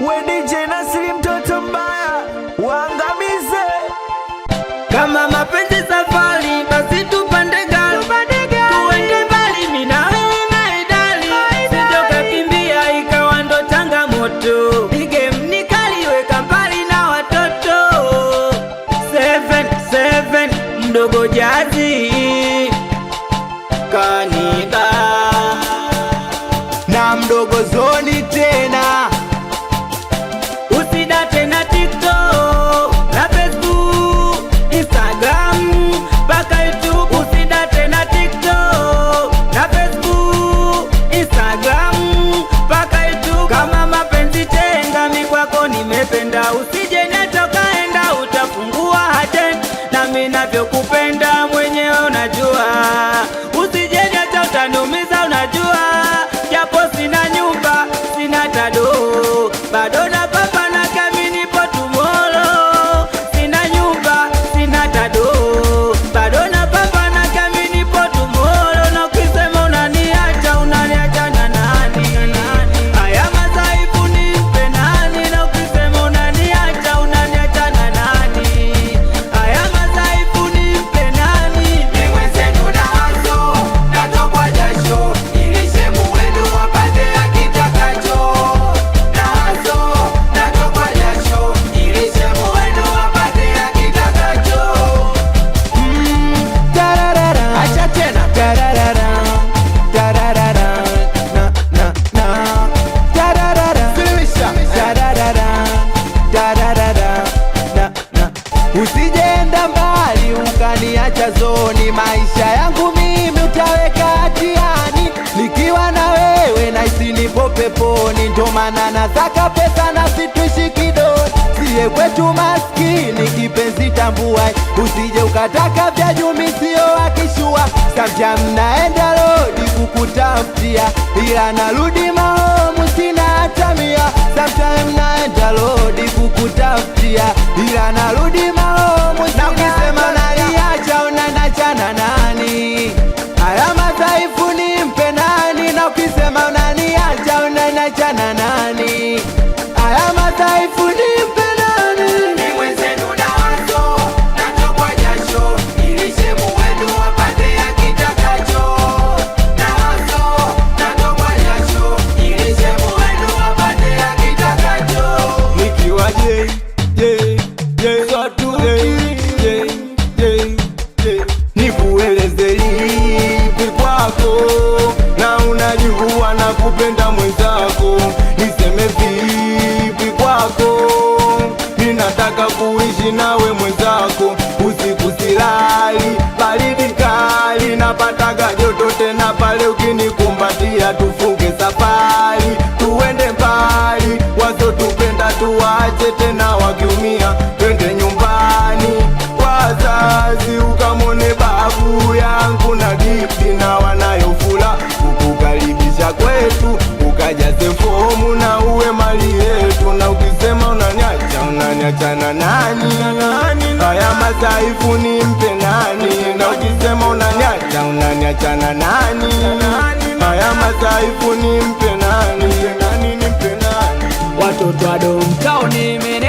We DJ Nasri, mtoto mbaya waangamize. Kama mapenzi safari, basi tupande gari tuende mbali, mimi na wewe na idali sitokakimbia, ikawa ndo changamoto. Game ni kali, weka mbali na watoto. Seven, seven, mdogo Jazi kani Usijeenda mbali ukaniacha zoni, maisha yangu mimi utaweka hatiani. Nikiwa na wewe nahisi nipo peponi, ndo maana nataka pesa na situishi kidoni. Siye kwetu maskini, kipenzi tambua, usije ukataka vya Jumi sio akishua. Samjam mnaenda lodi kukutafutia, ila narudi nalia, ila narudi maomu, na ukisema naliacha unanachana nani? Alama dhaifu nimpe nani? Na ukisema unaniacha unanachana nani? kupenda mwenzako, niseme vipi kwako? Ninataka kuishi nawe mwenzako, usiku silali, baridi kali, napataga joto tena pale ukinikumbatia. Tufunge safari tuende mbali, tupenda tuwache tena wakiumia dhaifu ni mpe nani? Na ukisema unanyacha unanyacha na nani? Haya madhaifu ni mpe nani? Watoto wadomkao ni